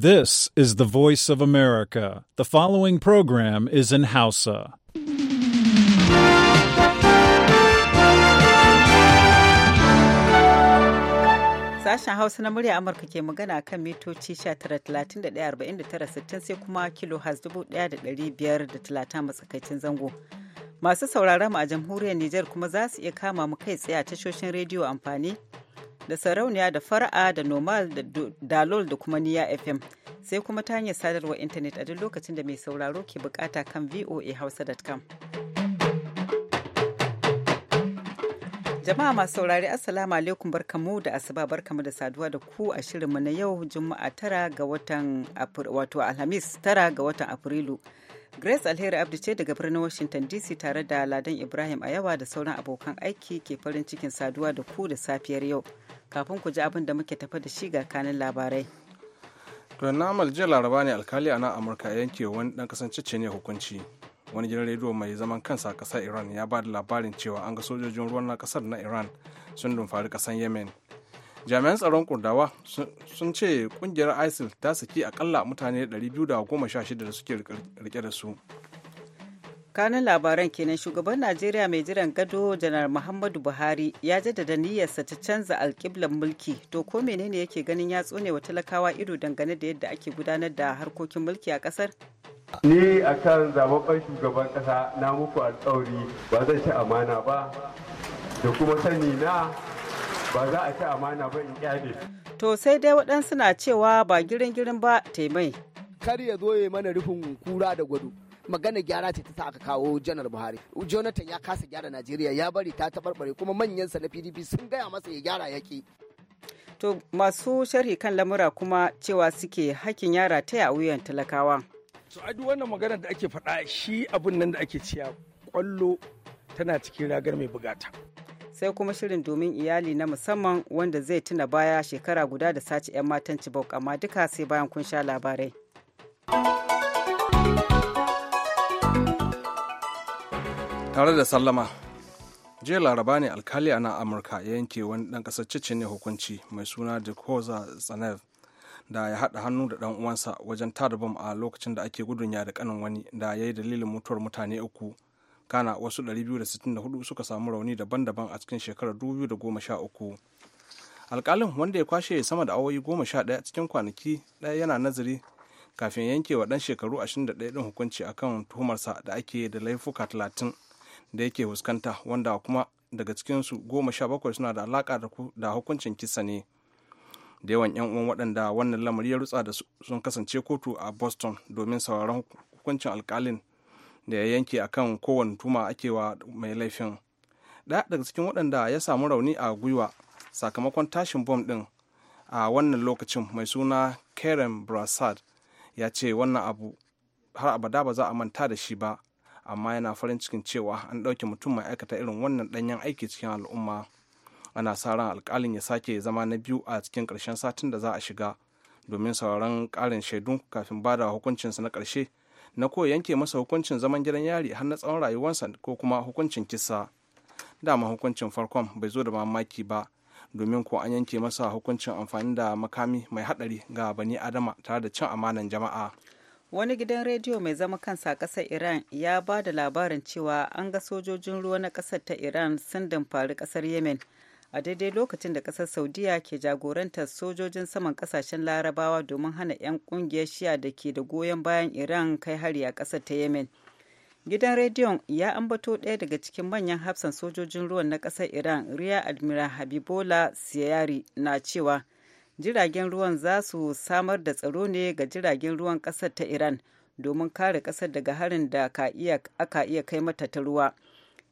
This is the voice of America. The following program is in Hausa. Sashen Hausa na murya Amurka ke magana kan mitoci 19,31,49,60 sai kuma kilo talata matsakaicin zango. Masu sauraron mu a jamhuriyar Nijar kuma za su iya kama mu kai tsaye a tashoshin rediyo amfani da sarauniya da fara'a da normal da dalol da kuma niya fm sai kuma ta hanyar sadarwar intanet a duk lokacin da mai sauraro ke bukata kan voahausa.com jama'a masu saurari assalamu alaikum barkamu da asuba barkamu da saduwa da ku a shirinmu na yau juma'a tara ga watan wato alhamis tara ga watan afrilu Grace Alheri Abdi ce daga birnin Washington DC tare da Ladan Ibrahim a yawa da sauran abokan aiki ke farin cikin saduwa da ku da safiyar yau. Kafin ku ji abin da muke tafa da shi ga kanin labarai. To na jiya laraba ne alkali a nan Amurka ya yanke wani dan kasance ne hukunci. Wani gidan rediyo mai zaman kansa a ƙasar Iran ya ba da labarin cewa an ga sojojin ruwan na ƙasar na Iran sun dumfari ƙasar Yemen jami'an tsaron kurdawa sun ce kungiyar isil ta saki akalla mutane 216 da suke rike da su kanin labaran kenan shugaban najeriya mai jiran gado janar muhammadu buhari ya jaddada niyyarsa ta canza alkiblan mulki to ko menene yake ganin ya tsone wa talakawa ido dangane da yadda ake gudanar da harkokin mulki a kasar ni a kan zababben shugaban kasa na muku alkawari ba zan ci amana ba da kuma sani na ba za a ci amana ba in kyale to sai dai waɗansu na cewa ba girin girin ba taimai kar ya zo ya mana rufin kura da gwado magana gyara ce ta sa aka kawo janar buhari jonathan ya kasa gyara najeriya ya bari ta taɓarɓare kuma manyan sa na pdp sun gaya masa ya gyara yake. to masu sharhi kan lamura kuma cewa suke hakkin yara ta a wuyan talakawa to a duk wannan magana da ake faɗa shi abun nan da ake ciya kwallo tana cikin ragar mai bugata sai kuma shirin domin iyali na musamman wanda zai tuna baya shekara guda da sace 'yan matan cibok amma duka sai bayan kun sha labarai. Tare da sallama, jiya laraba ne alkali a nan Amurka ya yanke wani ɗan ƙasar cici ne hukunci mai suna dikoza Tsanev da ya haɗa hannu da ɗan uwansa wajen tada bom a lokacin da ake gudun ya da kanin wani da ya yi dalilin mutuwar mutane uku. kana wasu 264 suka samu rauni daban-daban a cikin shekarar 2013 alkalin wanda ya kwashe sama da awoyi 11 cikin kwanaki ɗaya yana nazari kafin yanke wa ɗan shekaru 21 ɗin hukunci akan tuhumarsa da ake da laifuka 30 da yake fuskanta wanda kuma daga cikinsu 17 suna da alaƙa da hukuncin kisa ne. da yawan 'yan uwan waɗanda wannan lamari ya rutsa da sun kasance kotu a boston domin sauraron hukuncin alkalin da ya yanke a kan kowane tuma ake wa mai laifin ɗaya daga cikin waɗanda ya samu rauni a gwiwa sakamakon tashin bom ɗin a wannan lokacin mai suna karen brassard ya ce wannan abu har abada ba za a manta da shi ba amma yana farin cikin cewa an ɗauke mutum mai aikata irin wannan ɗanyen aiki cikin al'umma ana sa ran alƙalin ya sake zama na biyu a cikin ƙarshen satin da za a shiga domin sauran ƙarin shaidu kafin ba da hukuncinsa na ƙarshe na ko yanke masa hukuncin zaman gidan yari har na tsawon rayuwarsa ko kuma hukuncin kisa dama hukuncin farkon bai zo da mamaki ba domin ko an yanke masa hukuncin amfani da makami mai hadari ga bani adama tare da cin amanan jama'a wani gidan rediyo mai zama kansa a ƙasar iran ya ba da labarin cewa an ga sojojin ruwa na ƙasar ta iran sun damfari ƙasar yemen a daidai lokacin da kasar saudiya ke jagorantar sojojin saman kasashen larabawa domin hana 'yan kungiyar shiya da ke da goyon bayan iran kai hari a kasar ta yemen gidan rediyon ya ambato ɗaya daga cikin manyan hafsan sojojin ruwan na ƙasar iran riya admiral habibola siyari na cewa jiragen ruwan za su samar da tsaro ne ga jiragen ruwan ƙasar ta iran domin kare ƙasar daga harin da aka iya kai mata ta ruwa.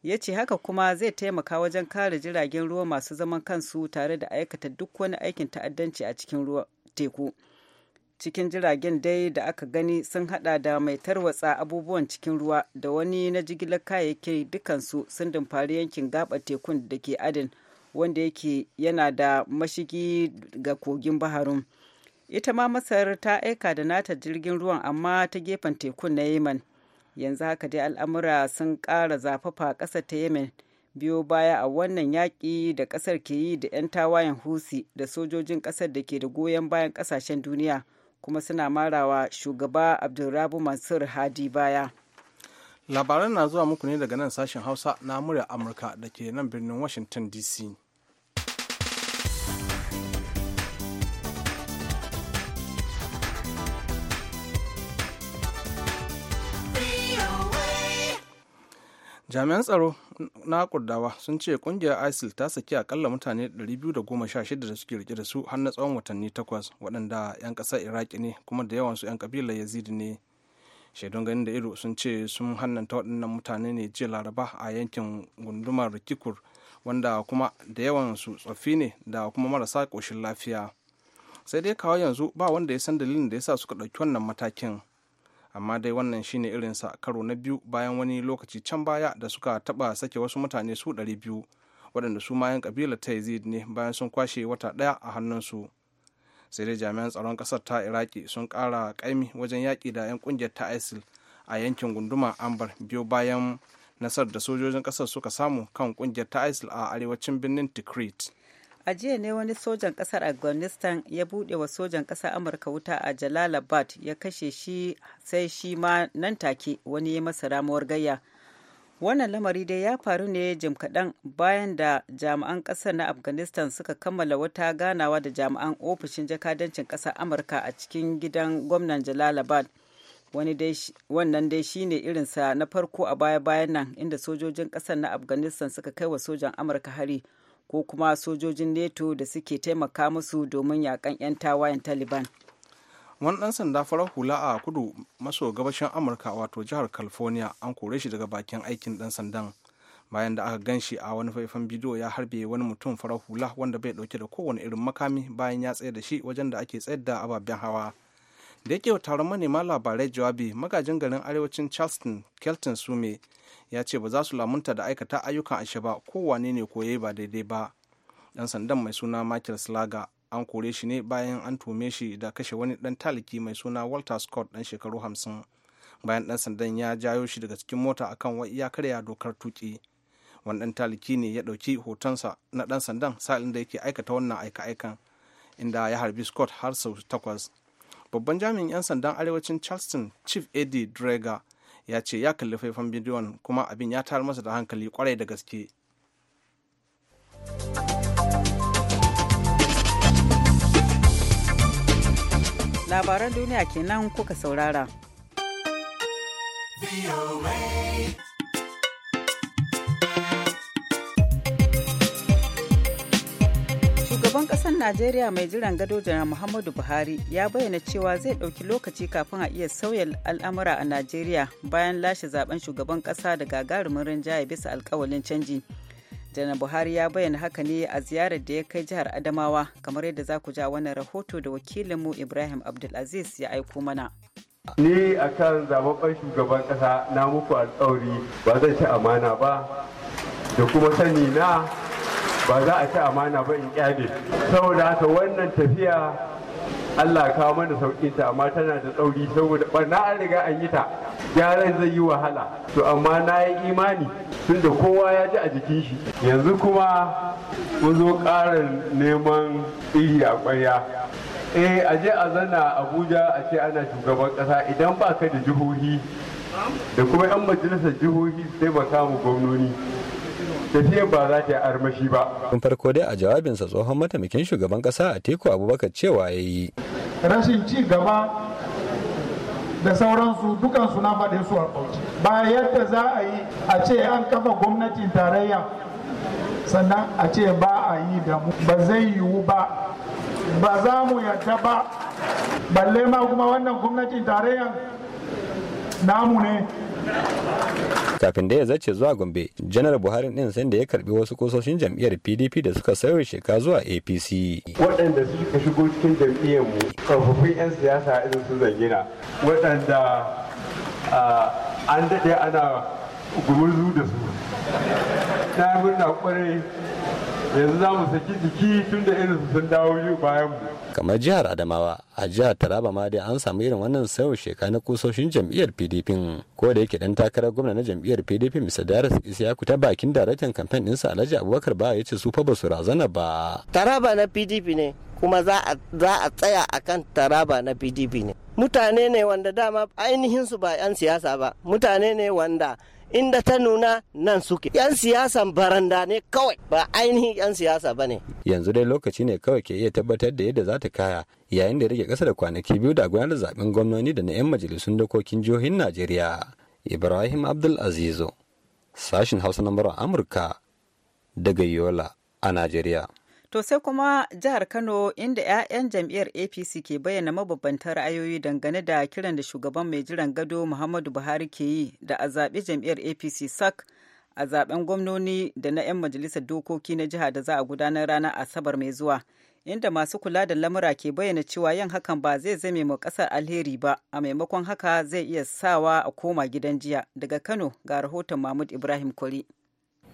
ya ce haka kuma zai taimaka wajen kare jiragen ruwa masu zaman kansu tare da aikata duk wani aikin ta'addanci a cikin ruwa teku cikin jiragen dai da aka gani sun hada da mai tarwatsa abubuwan cikin ruwa da wani na jigilar kayayyaki dukansu sun dumfari yankin gabar tekun da ke adin wanda yake yana da mashigi ga kogin baharun ita ma masar ta aika da nata jirgin ruwan amma ta gefen tekun na yemen yanzu haka dai al'amura sun ƙara zafafa ƙasar ta yemen biyo baya a wannan yaƙi da ƙasar ke yi da 'yan tawayen husi da sojojin ƙasar da ke da goyon bayan ƙasashen duniya kuma suna marawa shugaba abdulrabu mansur hadi baya labaran na zuwa muku ne daga nan sashen hausa na murya amurka da ke nan birnin washington dc jami'an tsaro na kurdawa sun ce kungiyar isil ta saki akalla mutane 216 da suke rike da su har na tsawon watanni takwas waɗanda 'yan ƙasar iraki ne kuma da yawansu 'yan kabilar yazid ne shaidun ganin da ido sun ce sun hannanta waɗannan mutane ne jiya laraba a yankin gundumar rikikur wanda kuma da yawansu tsoffi ne da kuma marasa ƙoshin lafiya sai dai kawo yanzu ba wanda ya san dalilin da ya sa suka ɗauki wannan matakin amma dai wannan shine irin sa karo na biyu bayan wani lokaci can baya da suka taba sake wasu mutane su 200 waɗanda su mayan kabilar ta yazid ne bayan sun kwashe wata ɗaya a hannunsu sai dai jami'an tsaron ƙasar ta iraki sun ƙara ƙaimi wajen yaƙi da 'yan ƙungiyar ta isil a yankin gunduma ambar biyo bayan nasar da sojojin ƙasar suka samu kan ƙungiyar ta isil a arewacin birnin tikrit a jiya ne wani sojan kasar afghanistan ya buɗe wa sojan kasar amurka wuta a jalalabad ya kashe shi sai shi ma nan take wani ya masa ramuwar gayya wannan lamari dai ya faru ne jim kaɗan bayan da jami'an ƙasar na afghanistan suka kammala wata ganawa da jami'an ofishin jakadancin ƙasar amurka a cikin gidan gwamnan jalalabad wannan dai shine irinsa na farko a baya-bayan nan inda sojojin ƙasar na afghanistan suka kai wa sojan amurka hari ko kuma sojojin neto da suke taimaka musu domin yakan 'yan tawayen taliban wani ɗan sanda farar hula a kudu maso gabashin amurka wato jihar california an kore shi daga bakin aikin ɗan sandan bayan da aka gan shi a wani faifan bidiyo ya harbe wani mutum farar hula wanda bai ɗauke da kowane irin makami bayan ya tsaye da shi wajen da ake tsayar da ababen hawa da yake taron manema labarai jawabi magajin garin arewacin charleston kelton sume ya ce ba za su lamunta da aikata ayyukan ashe ba kowane ne koye ba daidai ba dan sandan mai suna michael slaga an kore shi ne bayan an tume shi da kashe wani dan taliki mai suna walter scott dan shekaru hamsin bayan dan sandan ya jayo shi daga cikin mota akan ya karya dokar tuki wani dan taliki ne ya dauki hotonsa na dan sandan sa'ilin da yake aikata wannan aika-aikan inda ya harbi scott har sau takwas babban jami'in 'yan sandan arewacin charleston chief eddie dreger ya ce ya kalli faifan bidiyon kuma abin ya tayar masa da hankali kwarai da gaske labaran duniya kenan kuka saurara. shugaban ƙasar najeriya mai jiran gado janar muhammadu buhari ya bayyana cewa zai ɗauki lokaci kafin a iya sauya al'amura a najeriya bayan lashe zaben shugaban ƙasa da gagarumin rinjaye bisa alkawalin canji janar buhari ya bayyana haka ne a ziyarar da ya kai jihar adamawa kamar yadda za ku ja wannan rahoto da wakilinmu ibrahim abdulaziz ya aiko mana ni kan zababben shugaban ƙasa na muku alkawari ba zan ci amana ba da kuma sani na ba za a ci amana ba in kyale saboda haka wannan tafiya Allah kawo mana sauƙin ta amma tana da tsauri saboda barna an riga an yi ta gyaran zai yi wahala to amma na yi imani tunda kowa ya ji a jikin shi yanzu kuma mun zo ƙarin neman iri a ƙwarya eh a je a zana abuja a ce ana shugaban ƙasa idan ba ka da jihohi da kuma 'yan majalisar jihohi sai ba kamu gwamnoni tafiyar ba za ta yi armashi ba. Tun farko dai a jawabinsa tsohon mataimakin shugaban kasa a teku abubakar cewa ya yi. Rashin ci gaba da sauransu dukansu na faɗin su a ba yadda za a yi a ce an kafa gwamnatin tarayya sannan a ce ba a yi da mu ba zai yiwu ba ba za mu yadda ba balle ma kuma wannan gwamnatin tarayyan namu ne kafin da ya zace zuwa gombe janar buhari din sai da ya karbi wasu kososin jam'iyyar pdp da suka sauya sheka zuwa apc waɗanda suka shigo cikin jam'iyyar mu tsofaffin 'yan siyasa irin su zangina waɗanda an daɗe ana gumurzu da su na murna kwarai yanzu za mu saki jiki tun da irin sun dawo biyu bayan mu. kamar jihar adamawa a jihar taraba ma dai an samu irin wannan sauyin sheka na kusoshin jam'iyyar pdp ko da yake dan takarar gwamna na jam'iyyar pdp mr daris isiyaku ta bakin daraktan kamfen ɗinsa alhaji abubakar ba ya ce su fa ba su razana ba. taraba na pdp ne kuma za a tsaya akan taraba na pdp ne mutane ne wanda dama ainihin su ba 'yan siyasa ba mutane ne wanda inda ta nuna nan suke yan siyasan baranda ne kawai ba ainihin yan siyasa ba ne yanzu dai lokaci ne kawai ke iya tabbatar da yadda za ta kaya yayin da rage kasa da kwanaki biyu da gudanar zaben gwamnoni da na 'yan majalisun dokokin jihohin najeriya ibrahim abdul azizo sashin hausa na amurka daga yola a najeriya To sai kuma jihar Kano inda 'ya'yan jam'iyyar APC ke bayyana mabambantan ra'ayoyi dangane da kiran da shugaban mai jiran gado Muhammadu Buhari ke yi da a zaɓi jam'iyyar APC sak a zaɓen gwamnoni da na 'yan majalisar dokoki na jiha da za a gudanar ranar Asabar mai zuwa. Inda masu kula da lamura ke bayyana cewa yin hakan ba zai zame ma ƙasar alheri ba, a maimakon haka zai iya sawa a koma gidan jiya. Daga Kano ga rahoton Mahmud Ibrahim Kwari.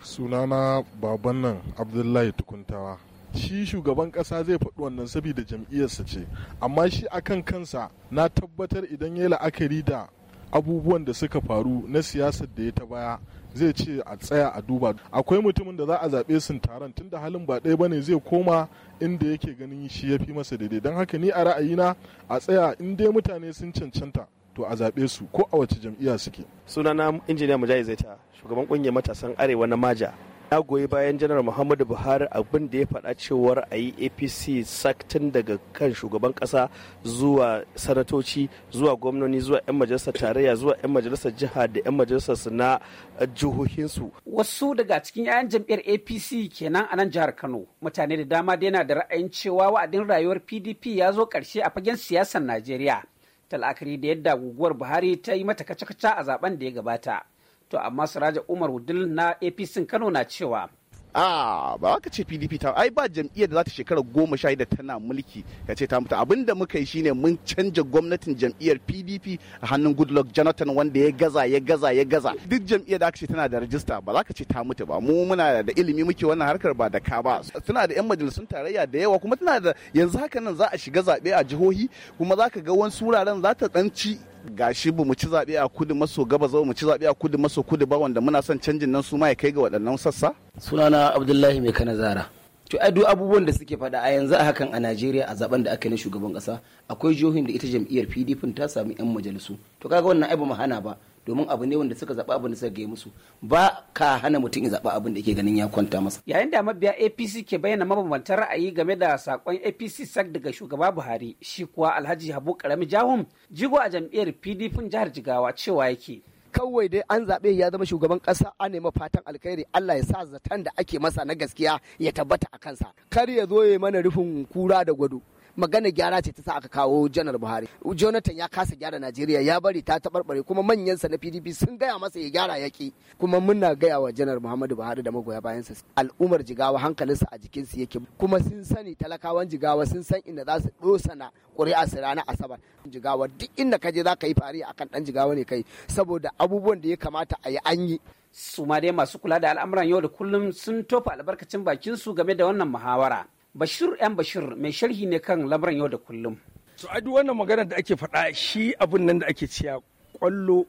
Sunana baban nan Abdullahi Tukuntawa. shi shugaban kasa zai faɗi wannan saboda jam'iyyarsa ce amma shi a kan kansa na tabbatar idan ya la'akari da abubuwan da suka faru na siyasar da ya ta baya zai ce a tsaya a duba akwai mutumin da za a zaɓe sun taron tun da halin ba ɗaya bane zai koma inda yake ganin shi ya fi masa daidai don haka ni a ra'ayina a tsaya in dai mutane sun cancanta to a zaɓe su ko a wace jam'iyya suke sunana injiniya mujahid zaita shugaban ƙungiyar matasan arewa na maja na goyi bayan janar muhammadu buhari abin da ya faɗa cewar a yi apc saktin daga kan shugaban ƙasa zuwa sanatoci zuwa gwamnoni zuwa 'yan majalisar tarayya zuwa 'yan majalisar jiha da 'yan majalisar su na uh, jihohinsu wasu daga cikin 'ya'yan jam'iyyar apc kenan a nan jihar kano mutane da dama da yana da ra'ayin cewa wa'adin rayuwar pdp ya zo karshe a fagen siyasar najeriya tal'akari da yadda guguwar buhari ta yi mata kaca-kaca a zaben da ya gabata to amma siraja umar wudil na apc kano na cewa a ah, ba ka ce pdp ta ai ba jam'iyyar da za ta shekara goma sha da tana mulki ka ce ta mutu abinda muka yi shine mun canja gwamnatin jam'iyyar pdp a hannun goodluck jonathan wanda ya gaza ya gaza ya gaza duk jam'iyyar da aka ce tana da rajista ba za ka ce ta mutu ba mu muna da ilimi muke wannan harkar ba da ka ba tana da yan majalisun tarayya da yawa kuma tana da yanzu haka nan za a shiga zaɓe a jihohi kuma za ka ga wasu wuraren za ta ɗanci gashi bu mu ci zaɓe a kudu maso gaba ba mu ci zaɓe a kudu maso kudu ba wanda muna son canjin nan su ma ya kai ga waɗannan sassa sunana abdullahi mai kana zara to ai duk abubuwan da suke faɗa a yanzu a hakan a Najeriya a zaben da aka yi na shugaban ƙasa akwai jihohin da ita jam'iyyar PDP ta samu yan majalisu to kaga wannan ai ba mu hana ba domin abu ne wanda suka zaɓa abin da suka gaya musu ba ka hana mutum ya zaɓa abin da yake ganin ya kwanta masa. Yayin da mabiya APC ke bayyana mabambantan ra'ayi game da sakon APC sak daga shugaba Buhari shi kuwa Alhaji Habu Karami Jahun jigo a jam'iyyar PDP jihar Jigawa cewa yake. kawai dai an zaɓe ya zama shugaban ƙasa a nema fatan alkhairi Allah ya sa zaton da ake masa na gaskiya ya tabbata a kansa kar ya zo ya mana rufin kura da gwado magana gyara ce ta sa aka kawo janar buhari jonathan ya kasa gyara najeriya ya bari ta taɓarɓare kuma manyan sa na pdp sun gaya masa ya gyara yaƙi kuma muna gaya wa janar muhammadu buhari da magoya bayansa al'ummar jigawa sa a jikin su yake kuma sun sani talakawan jigawa sun san inda za su ɗosana ƙuri'a su ranar asabar jigawa duk inda ka je za ka yi fari akan ɗan jigawa ne kai saboda abubuwan da ya kamata a yi an yi su masu kula da al'amuran yau da kullum sun tofa albarkacin bakinsu game da wannan muhawara Bashir ‘yan Bashir mai sharhi ne kan lamuran yau da kullum. To a wannan magana da ake faɗa shi abin nan da ake ciya kwallo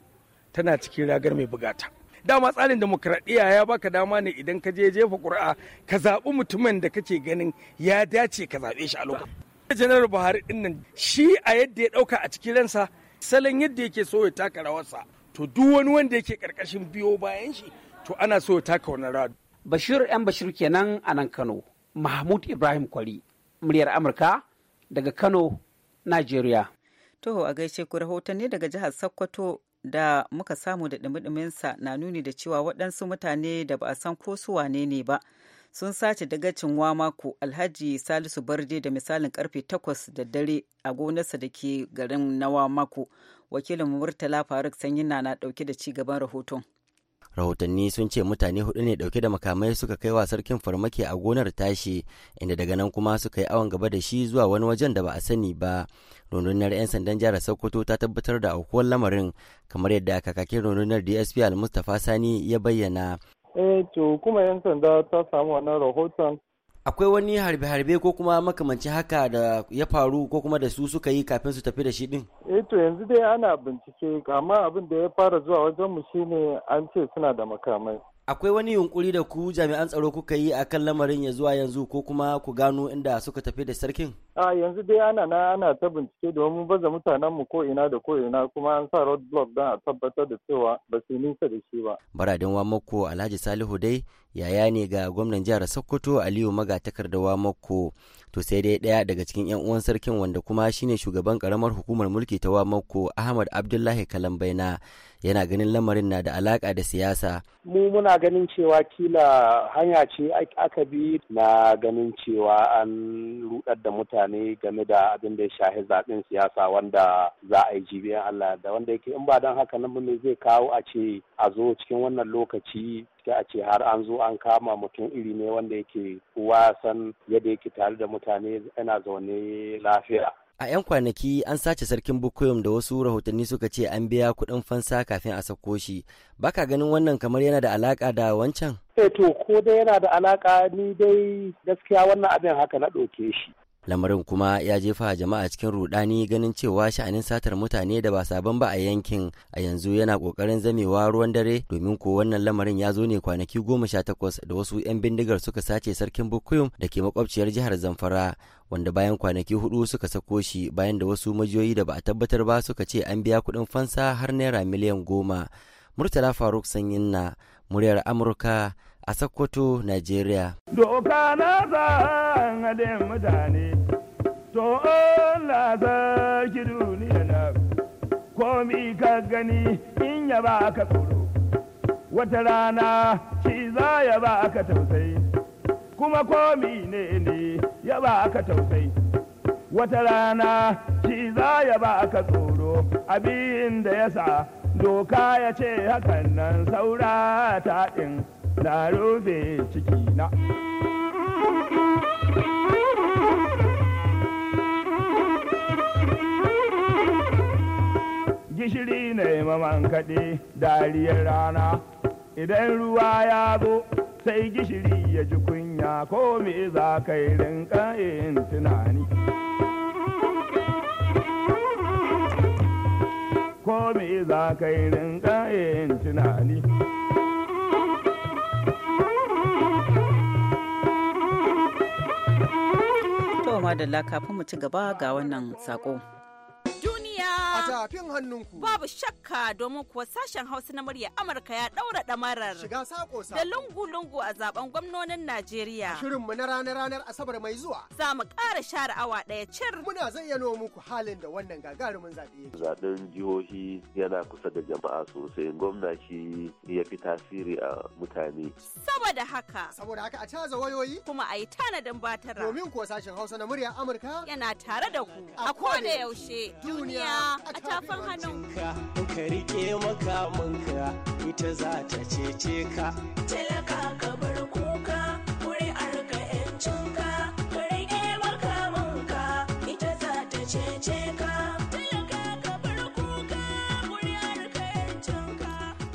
tana cikin ragar mai bugata. Dama tsarin demokradiyya ya baka dama ne idan ka je jefa ƙuri'a ka zaɓi mutumin da kake ganin ya dace ka zaɓe shi a lokacin. janar buhari ɗin nan shi a yadda ya ɗauka a cikin ransa salon yadda yake so ya taka rawarsa to duk wani wanda yake ƙarƙashin biyo bayan shi to ana so ya taka wani rawa bashir yan bashir kenan a nan kano mahmud ibrahim kwari muryar amurka daga kano najeriya to a gaishe ku rahotanni daga jihar sokoto da muka samu da ɗimiɗiminsa na nuni da cewa waɗansu mutane da ba a san ko su wane ne ba sun sace dagacin wamako alhaji salisu barde da misalin karfe 8 da dare a gonarsa da ke garin na wamako wakilin murtala faruk Sanyi na ɗauke da ci gaban rahoton rahotanni sun ce mutane hudu ne dauke da makamai suka kai wa sarkin farmaki a gonar tashi inda daga nan kuma suka yi awon gaba da shi zuwa wani wajen da ba a sani ba rundunar 'yan sandan jihar sokoto ta tabbatar da aukuwar lamarin kamar yadda kakakin rundunar dsp al-mustapha sani ya bayyana eh to kuma 'yan sanda ta samu wannan rahoton akwai wani harbe-harbe ko kuma makamancin haka da ya faru ko kuma da su suka yi kafin su tafi da shi din? Eh to yanzu dai ana bincike amma abin da ya fara zuwa wajen mu shine an ce suna da makamai. akwai wani yunkuri da ku jami'an tsaro kuka yi a kan lamarin ya zuwa yanzu ko kuma ku gano inda suka tafi da sarkin? A yanzu dai ana na ana ta bincike domin baza mutanen mu ko ina da ko ina kuma an sa roadblock don a tabbatar da cewa ba su nisa da shi ba. Baradin Wamako Alhaji Salihu dai yaya ne ga gwamnan jihar Sokoto Aliyu Maga da Wamako. To sai dai ɗaya daga cikin 'yan uwan sarkin wanda kuma shine shugaban karamar hukumar mulki ta Wamako Ahmad Abdullahi Kalambaina yana ganin lamarin na da alaka da siyasa. Mu muna ganin cewa kila hanya ce aka bi na ganin cewa an rudar da mutane game da abin da ya shahi zaɓen siyasa wanda za a yi jibiyan Allah da wanda yake in ba don haka nan ne zai kawo a ce a zo cikin wannan lokaci sai a ce har an zo an kama mutum iri ne wanda yake wasan yadda yake tare da mutane yana zaune lafiya. A 'yan kwanaki an sace sarkin Bukoyom da wasu rahotanni suka ce an biya kuɗin fansa kafin a sako shi. Baka ganin wannan kamar yana da alaka da wancan? Eh to ko dai yana da alaka ni dai gaskiya wannan abin haka na ɗauke shi. lamarin kuma ya jefa jama'a cikin rudani ganin cewa sha'anin satar mutane da ba sabon ba a yankin a yanzu yana kokarin zamewa ruwan dare domin ko wannan lamarin ya zo ne kwanaki goma sha takwas da wasu 'yan bindigar suka sace sarkin bukuyum da ke makwabciyar jihar zamfara wanda bayan kwanaki hudu suka sako shi bayan da wasu majiyoyi da ba a tabbatar ba suka ce an biya kuɗin fansa har naira miliyan goma murtala faruk sanyin na muryar amurka a Sokoto, Najeriya. Doka na hadin mutane, to Allah sarki duniya na komi ka gani in ya ba ka tsoro, wata rana shi za ya ba ka tausayi, kuma komi ne ne ya ba ka tausayi, wata rana ciza za ya ba ka tsoro abin da ya sa doka ya ce hakan nan saura ta ɗin. na rufe ciki na gishiri ne maman kaɗe dariyar rana idan ruwa ya zo sai gishiri ya ji kunya ko me za ka yi rinka yin tunani ko me za ka yi rinka yin tunani madalla kafin mu ci gaba ga wannan sako. Zafin hannunku. Babu shakka domin kuwa sashen Hausa na murya Amurka ya ɗaura ɗamarar. Shiga sako sa. Da lungu-lungu a zaben gwamnonin Najeriya. Shirinmu na ranar-ranar Asabar mai zuwa. Za mu ƙara share awa ɗaya cir. Muna zayyano muku halin da wannan gagarumin zaɓe. Zaɓen jihohi yana kusa da jama'a sosai. Gwamna shi ya fi tasiri a mutane. Saboda haka. Saboda haka a caza wayoyi. Kuma a yi tanadin batara. Domin kuwa sashen Hausa na murya Amurka. Yana tare da ku. A kowane yaushe. Duniya. a tafin hannunka in ka rike makamanka ita za ta cece ka talaka ka bar kuka kuri'ar ka yancinka ka rike makamanka ita za ta cece ka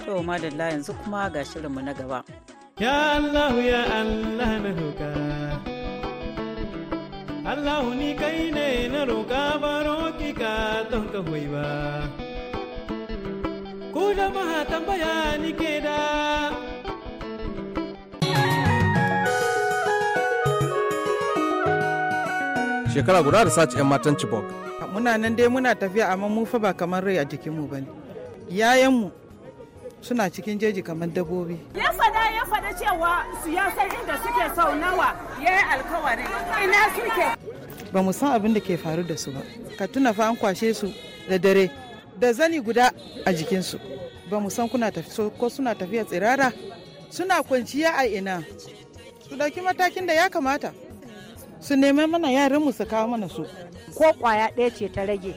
To madalla yanzu kuma ga shirinmu na gaba. Ya Allah ya Allah na roƙa. Allah ni kai ne na roƙa baro ki ka don ka hoyi ba. Ku jama'a tambaya ni ke da. Shekara guda da sace 'yan matan Chibok. Muna nan dai muna tafiya amma mu fa ba kamar rai a jikinmu ba ne. Yayanmu suna cikin jeji kamar dabbobi. Ya fada ya fada cewa san inda suke sau nawa ya yi alkawari ina suke. Ba mu san abin da ke faru da su ba. Ka tuna fa an kwashe su da dare da zani guda a jikinsu. Ba mu san kuna tafi ko suna tafiya tsirara suna kwanciya a ina. Su dauki matakin da ya kamata. Su nemi mana yaran mu su kawo mana su. Ko kwaya ɗaya ce ta rage.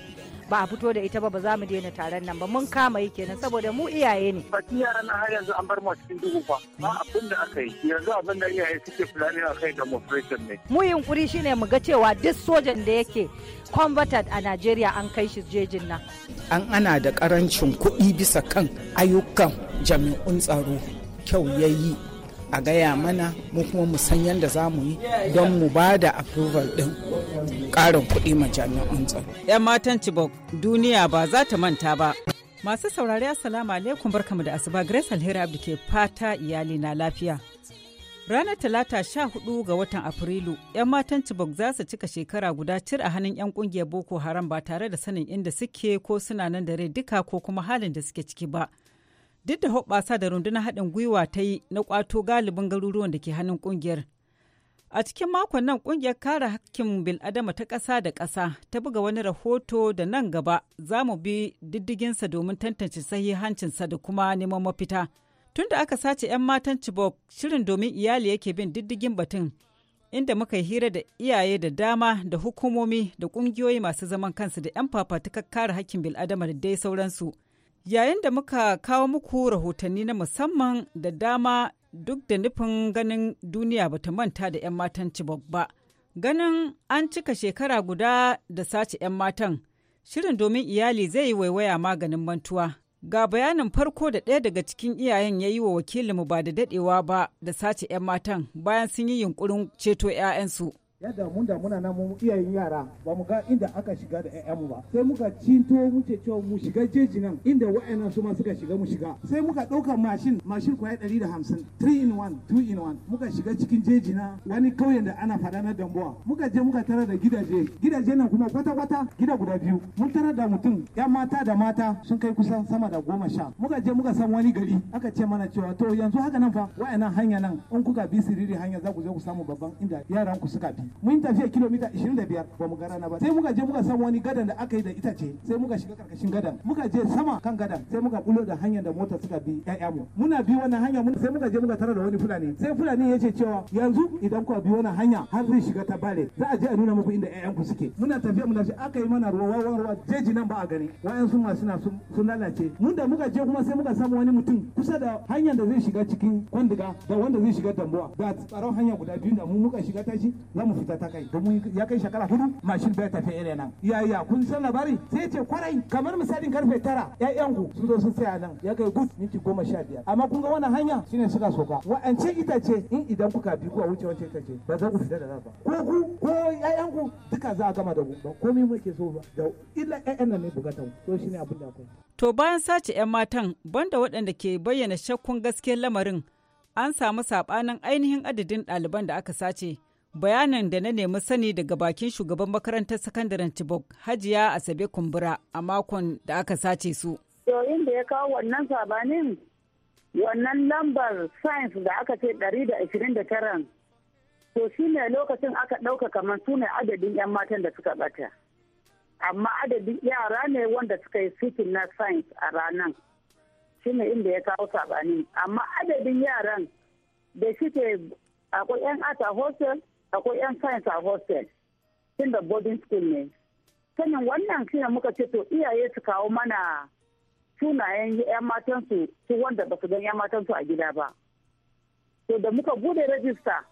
ba a fito da ita ba ba za mu daina taron nan ba mun kama yi kenan saboda mu iyaye ne. yara na har yanzu an bar mu cikin dubu ba ba abin da aka yi yanzu abin da iyaye suke fulani a kai demonstration ne. Mu yunkuri shine mu ga cewa duk sojan da yake converted a Najeriya an kai shi jejin nan. An ana da karancin kuɗi bisa kan ayyukan jami'un tsaro kyau ya yi a gaya mana mu kuma mu san yadda za mu yi don mu ba da approval ɗin ƙarin kuɗi ma jami'an tsaro. 'Yan matan Chibok duniya ba za ta manta ba. Masu saurari Assalamu alaikum barkamu da asuba Grace Alheri Abdi ke fata iyali na lafiya. Ranar Talata sha hudu ga watan Afrilu, 'yan matan Chibok za su cika shekara guda cir a hannun 'yan kungiyar Boko Haram ba tare da sanin inda suke ko suna nan da rai duka ko kuma halin da suke ciki ba. Duk da hoɓɓasa da rundunar haɗin gwiwa ta yi na ƙwato galibin garuruwan da ke hannun kungiyar, A cikin makon nan kungiyar kare hakkin bil'adama ta ƙasa da ƙasa ta buga wani rahoto da nan gaba za mu bi diddiginsa domin tantance sahihancinsa da kuma neman mafita. tunda aka sace 'yan matan Chibok shirin domin iyali yake bin diddigin batun inda muka yi hira da iyaye da dama da hukumomi da ƙungiyoyi masu zaman kansu da 'yan fafatukar kare hakkin bil'adama da dai sauransu. Yayin da muka kawo muku rahotanni na musamman da dama duk da nufin ganin duniya ba ta manta da 'yan matan Chibok ba. Ganin an cika shekara guda da sace 'yan matan, shirin domin iyali zai yi waiwaya maganin mantuwa. Ga bayanin farko da ɗaya daga cikin iyayen ya yi wa wakilinmu ba da daɗewa ba da sace 'yan matan bayan sun yi yunkurin ceto 'ya'yansu. yadda mun da muna nan iya iyayen yara ba mu ga inda aka shiga da mu ba sai muka cinto muke cewa mu shiga jeji nan inda wa'annan su ma suka shiga mu shiga sai muka ɗauka mashin mashin kwaya ɗari da hamsin three in one two in one muka shiga cikin jeji na wani kauyen da ana fada na damboa muka je muka tara da gidaje gidaje nan kuma kwata kwata gida guda biyu mun tara da mutum ƴan mata da mata sun kai kusan sama da goma sha muka je muka san wani gari aka ce mana cewa to yanzu haka nan fa wa'annan hanya nan in kuka bi siriri hanya za ku je ku samu babban inda yaran ku suka bi mun tafiya kilomita 25 ba mu gara na ba sai muka je muka san wani gadan da aka yi da ce sai muka shiga karkashin gadan muka je sama kan gadan sai muka bulo da hanyar da mota suka bi ƴaƴa mu muna bi wannan hanya mun sai muka je muka tara da wani fulani sai fulani ya ce cewa yanzu idan kuka bi wannan hanya har zai shiga ta bare za a je a nuna muku inda ƴaƴan ku suke muna tafiya muna aka yi mana ruwa wawan ruwa jeji nan ba a gani wayan su masu na sun lalace mun da muka je kuma sai muka samu wani mutum kusa da hanyar da zai shiga cikin kwandiga da wanda zai shiga dambuwa da tsaron hanya guda biyu da mu muka shiga tashi za mu fita ta kai domin ya kai shekara hudu mashin bai tafi ire nan yaya kun san labari sai ce kwarai kamar misalin karfe tara ƴaƴan ku sun zo sun tsaya nan ya kai gud minti goma sha biyar amma kun ga wannan hanya shine suka soka wa'ance ita ce in idan kuka bi kuwa wuce ita ce ba za ku fita da ba ko ku ko ƴaƴan ku duka za a gama da ku ba komai muke so ba da illa ƴaƴan nan ne bukatan to shine abin da akwai to bayan sace ƴan matan banda waɗanda ke bayyana shakkun gaskiyar lamarin an samu sabanin ainihin adadin ɗaliban da aka sace bayanin da na nemi sani daga bakin shugaban makarantar sakandaren Chibok Hajiya Asabe Kumbura a makon da aka sace su. Yoyin da ya kawo wannan sabanin wannan lambar science da aka ce 129 to shi ne lokacin aka ɗauka kamar su ne adadin 'yan matan da suka bata. Amma adadin yara ne wanda suka yi sikin na science a ranar shi ne inda ya kawo sabanin. Amma adadin yaran da suke akwai 'yan ata hostel akwai 'yan science a hostel tun da boarding school ne sanin wannan ne muka ce to iyaye su kawo mana sunayen 'yan matansu su wanda ba su gan 'yan matansu a gida ba to da muka bude rajista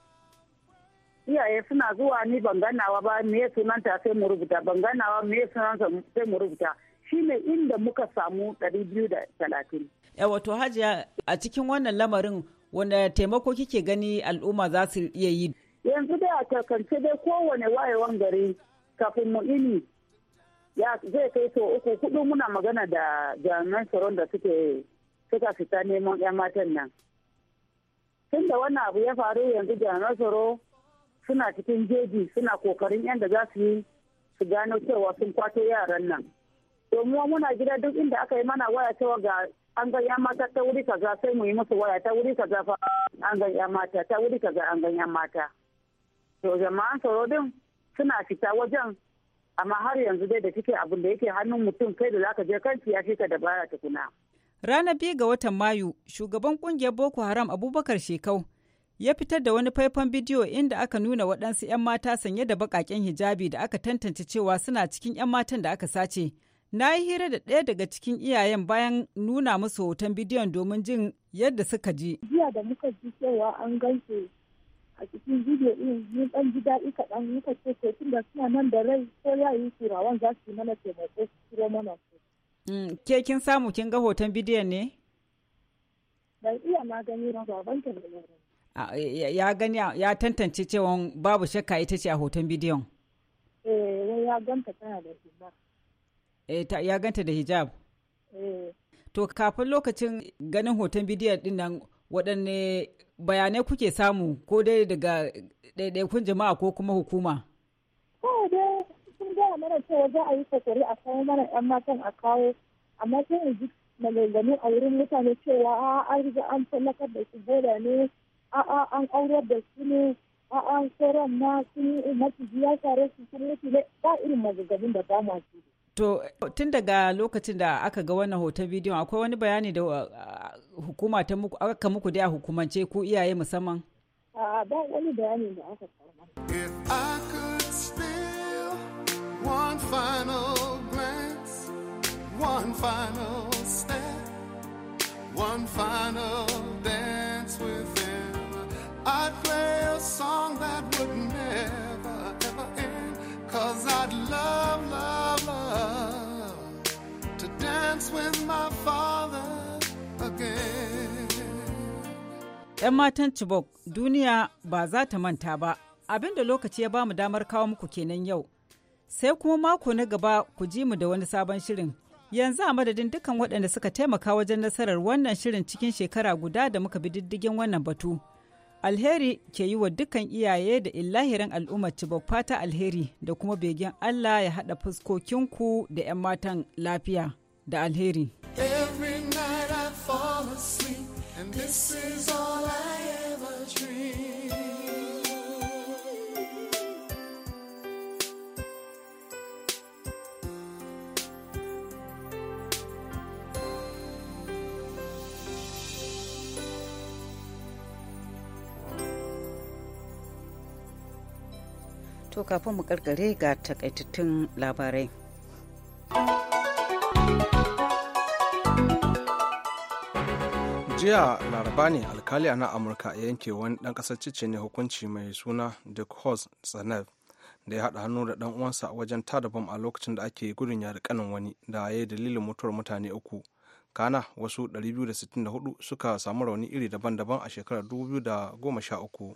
iyaye suna zuwa ni ban ganawa ba me sunanta sai mu rubuta ban ganawa me sunanta sai mu rubuta shine inda muka samu 230 yawa eh, wato hajiya a cikin wannan lamarin wanda taimako kike gani al'umma za su iya yi yanzu dai a takance dai kowane wayewan gari kafin mu ini ya zai kai to uku kudu muna magana da jami'an tsaron da suke suka fita neman 'yan matan nan tun da wannan abu ya faru yanzu jami'an tsaro suna cikin jeji suna kokarin yanda za su yi su gano cewa sun kwato yaran nan domin muna gida duk inda aka yi mana waya cewa ga an ga yan mata ta wuri kaza sai mu yi musu waya ta wuri kaza fa an ga yan mata ta wuri kaza an ga yan mata to jama'an tsoro din suna fita wajen amma har yanzu dai da take abin da yake hannun mutum kai da zaka je kanki ya ka da baya tukuna. Ranar biyu ga watan Mayu, shugaban kungiyar Boko Haram Abubakar Shekau ya fitar da wani faifan bidiyo inda aka nuna waɗansu 'yan mata sanye da baƙaƙen hijabi da aka tantance cewa suna cikin 'yan matan da aka sace. Na yi hira da ɗaya daga cikin iyayen bayan nuna musu hoton bidiyon domin jin yadda suka ji. Jiya da muka ji cewa an gan a cikin bidiyo din mun dan ji daɗi kaɗan muka ce ko tun da suna nan da rai ko yayin turawan za su yi mana taimako su turo mana su. Mm, ke kin samu kin ga hoton bidiyon ne? Ban iya ma gani na baban ta ya gani ya tantance cewa babu shakka ita ce a hoton bidiyon. Eh ya ganta tana da hijab. Eh ya ganta da hijab. Eh. To kafin lokacin ganin hoton bidiyon din nan waɗanne bayanai kuke samu ko dai daga ɗaiɗaikun jama'a ko kuma hukuma? ko dai sun gaya mana cewa za a yi kokari a kawo mana 'yan matan a kawo amma sai yanzu maganganu a wurin mutane cewa a an riga an tallafar da su boda ne a an aurar da su ne a an sauran ma sun yi mafi biya tare su sun mutu ne ba irin maganganun da ba masu. To tun daga lokacin da aka ga wannan hoton bidiyon akwai wani bayani da uh, hukuma ta muku aka muku dai a hukumance ko iyaye musamman? A ba wani bayani da aka samu. If I could spill one final glance, one final step, one final dance with him, I'd play a song that would never ever end, cause I'd love 'Yan matan Chibok duniya ba za ta manta ba, abinda lokaci ya ba mu damar kawo muku kenan yau. Sai kuma mako na gaba ku ji mu da wani sabon shirin. Yanzu a madadin dukkan waɗanda suka taimaka wajen nasarar wannan shirin cikin shekara guda da muka bi diddigin wannan batu. alheri ke yi wa dukkan iyaye da illahirin al'ummar Chibok fata alheri da kuma begen Allah ya haɗa fuskokinku da 'yan matan lafiya. da alheri. To kafin mu karkare ga takaitattun labarai. jiya laraba ne alkali a na amurka ya yanke wani dan kasar cice ne hukunci mai suna duk horse tsanev da ya haɗa hannu da dan uwansa wajen tada bom a lokacin da ake gudun yari kanin wani da ya yi dalilin mutuwar mutane uku kana wasu 264 suka samu rauni iri daban-daban a shekarar 2013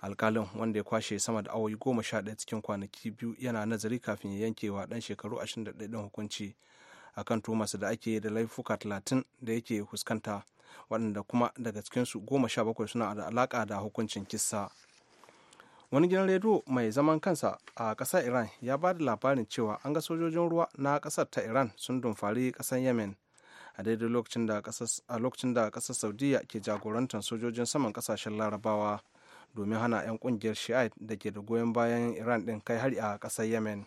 alkalin wanda ya kwashe sama da awoyi 11 cikin kwanaki biyu yana nazari kafin ya yanke wa ɗan shekaru 21 dan hukunci akan tumasu da ake da laifuka 30 da yake fuskanta waɗanda kuma daga cikinsu goma sha bakwai suna da alaƙa da hukuncin kisa wani gidan rediyo mai zaman kansa a ƙasar iran ya ba da labarin cewa an ga sojojin ruwa na ƙasar ta iran sun dumfari ƙasar yemen a daidai lokacin da a lokacin da ƙasar saudiya ke jagorantar sojojin saman ƙasashen larabawa domin hana 'yan ƙungiyar shi'ai da ke da goyon bayan iran ɗin kai hari a ƙasar yemen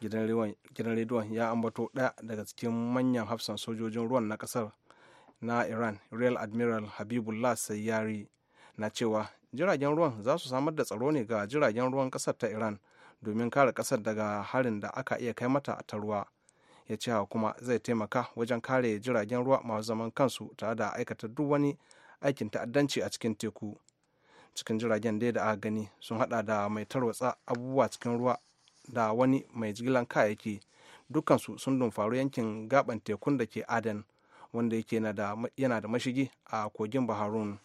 gidan rediyon ya ambato ɗaya daga cikin manyan hafsan sojojin ruwan na ƙasar na iran real admiral habibullah sayyari na cewa jiragen ruwan za su samar da tsaro ne ga jiragen ruwan kasar ta iran domin kare kasar daga harin da aka iya kai mata ta ruwa ya ce kuma zai taimaka wajen kare jiragen ruwa masu zaman kansu tare da aikata duk wani aikin ta'addanci a cikin teku cikin jiragen dai da aka gani sun hada da mai tarwatsa abubuwa cikin ruwa da wani mai jigilan kayayyaki dukansu sun dumfaru yankin gaban tekun da ke aden wanda yake yana da mashigi a kogin baharun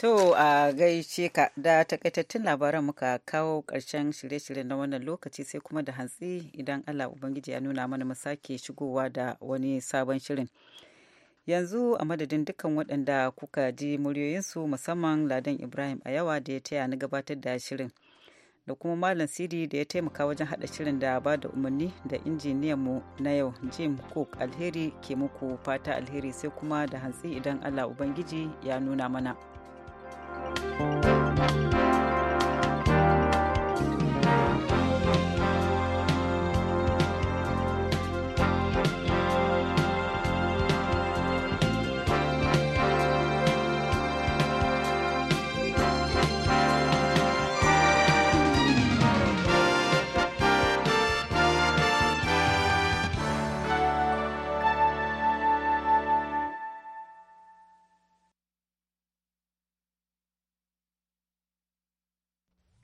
To a gaishe ka da takaitattun labaran muka kawo ƙarshen shirye-shiryen na wannan lokaci sai kuma da hantsi idan Allah Ubangiji ya nuna mana mu sake shigowa da wani sabon shirin. Yanzu a madadin dukkan waɗanda kuka ji muryoyinsu musamman Ladan Ibrahim a yawa da ya taya ni gabatar da shirin. da kuma Malam Sidi da ya taimaka wajen hada shirin da ba da umarni da mu na yau Jim Cook alheri ke muku fata alheri sai kuma da hantsi idan Allah Ubangiji ya nuna mana. thank